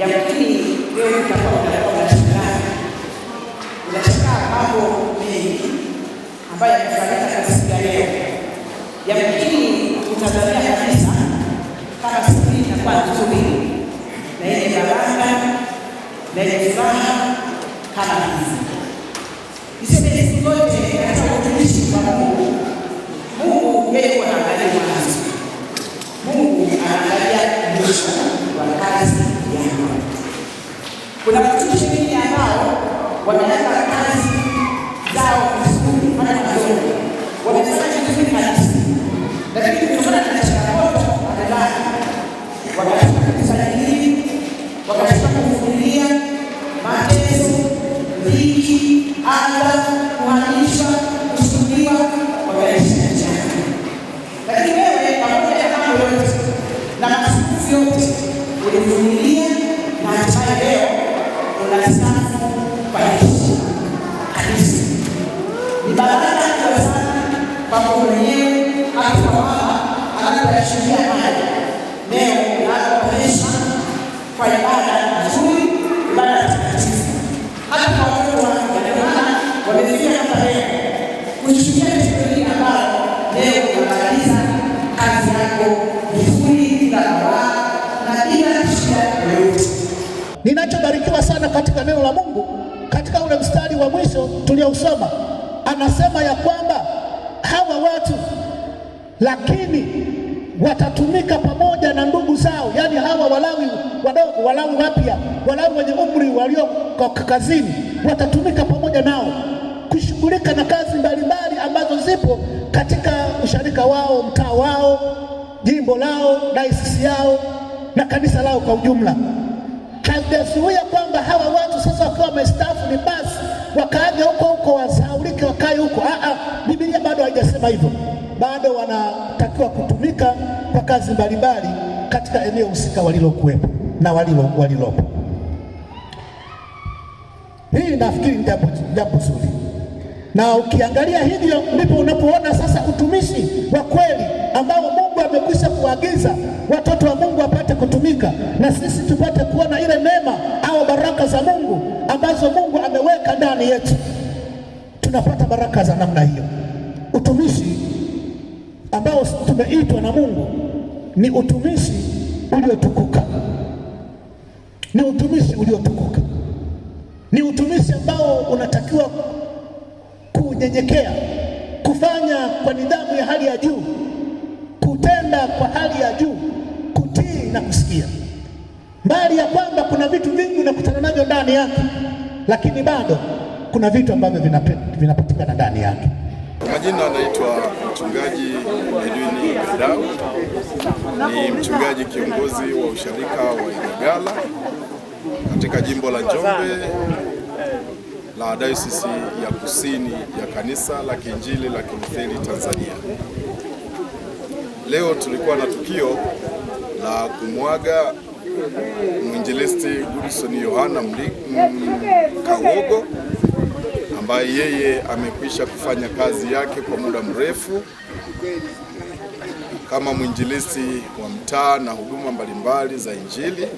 yamkini wewe utakuwa unashangaa, unashangaa mambo mengi ambayo yamefanyika katika siku leo. Yamkini utazamia kabisa kama siku hii itakuwa nzuri na yenye baraka na yenye furaha kama hizi. Kuna watumishi ambao wameanza kwamba mwenyewe ataamana anataashiria naye leo anaonyesha kwa ibada nzuri, ibada takatifu. Hata kwa watoto wangu maana wamefika hapa leo kushikilia historia ambayo leo unamaliza kazi yako vizuri bila lawama na bila shida yoyote. Ninachobarikiwa sana katika neno la Mungu katika ule mstari wa mwisho tuliousoma, anasema ya kwamba watu, lakini watatumika pamoja na ndugu zao, yaani hawa Walawi wadogo, Walawi wapya, Walawi wenye umri walio kazini, watatumika pamoja nao kushughulika na kazi mbalimbali ambazo zipo katika usharika wao, mtaa wao, jimbo lao, dayosisi yao na kanisa lao kwa ujumla. Haijazuia kwamba hawa watu sasa wakiwa wamestaafu ni basi wakaaja huko huko wasaulike wakae huko. Biblia Nasema hivyo bado wanatakiwa kutumika kwa kazi mbalimbali katika eneo husika walilokuwepo na walilo walilopo. Hii nafikiri ni jambo zuri, na ukiangalia hivyo ndipo unapoona sasa utumishi wa kweli ambao Mungu amekwisha kuagiza watoto wa Mungu wapate kutumika, na sisi tupate kuona ile neema au baraka za Mungu ambazo Mungu ameweka ndani yetu. Tunapata baraka za namna hiyo ambao tumeitwa na Mungu ni utumishi uliotukuka, ni utumishi uliotukuka, ni utumishi ambao unatakiwa kunyenyekea, kufanya kwa nidhamu ya hali ya juu, kutenda kwa hali ya juu, kutii na kusikia. Mbali ya kwamba kuna vitu vingi unakutana navyo ndani yake, lakini bado kuna vitu ambavyo vinapatikana ndani yake majina anaitwa mchungaji Edwin Gadau, ni mchungaji kiongozi wa usharika wa Igagala katika jimbo la Njombe la Dayosisi ya Kusini ya Kanisa la Kiinjili la Kilutheri Tanzania. Leo tulikuwa na tukio la kumwaga mwinjilisti Gudson Yohana Kawogo ambaye yeye amekwisha kufanya kazi yake kwa muda mrefu kama mwinjilisi wa mtaa na huduma mbalimbali za Injili.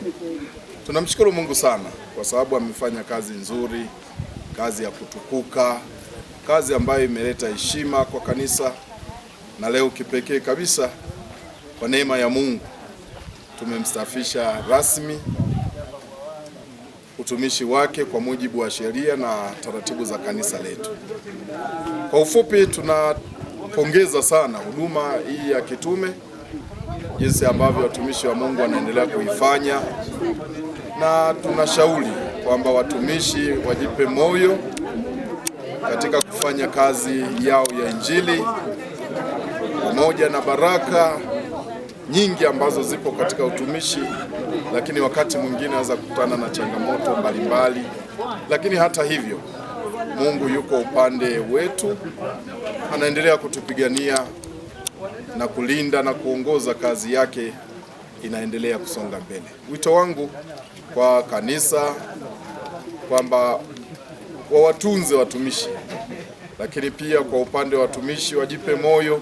Tunamshukuru Mungu sana kwa sababu amefanya kazi nzuri, kazi ya kutukuka, kazi ambayo imeleta heshima kwa kanisa, na leo kipekee kabisa kwa neema ya Mungu tumemstafisha rasmi utumishi wake kwa mujibu wa sheria na taratibu za kanisa letu. Kwa ufupi, tunapongeza sana huduma hii ya kitume, jinsi ambavyo watumishi wa Mungu wanaendelea kuifanya, na tunashauri kwamba watumishi wajipe moyo katika kufanya kazi yao ya Injili pamoja na baraka nyingi ambazo zipo katika utumishi lakini wakati mwingine anaweza kukutana na changamoto mbalimbali, lakini hata hivyo Mungu yuko upande wetu, anaendelea kutupigania na kulinda na kuongoza. Kazi yake inaendelea kusonga mbele. Wito wangu kwa kanisa kwamba wawatunze watumishi, lakini pia kwa upande wa watumishi wajipe moyo,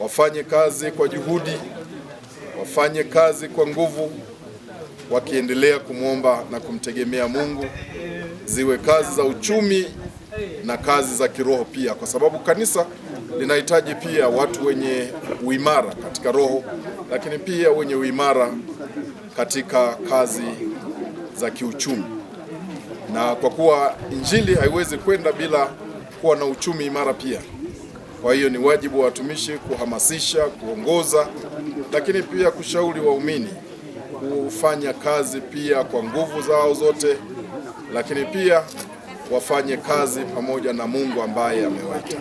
wafanye kazi kwa juhudi, wafanye kazi kwa nguvu wakiendelea kumwomba na kumtegemea Mungu, ziwe kazi za uchumi na kazi za kiroho pia, kwa sababu kanisa linahitaji pia watu wenye uimara katika roho, lakini pia wenye uimara katika kazi za kiuchumi. Na kwa kuwa injili haiwezi kwenda bila kuwa na uchumi imara pia, kwa hiyo ni wajibu wa watumishi kuhamasisha, kuongoza, lakini pia kushauri waumini kufanya kazi pia kwa nguvu zao zote, lakini pia wafanye kazi pamoja na Mungu ambaye amewaita.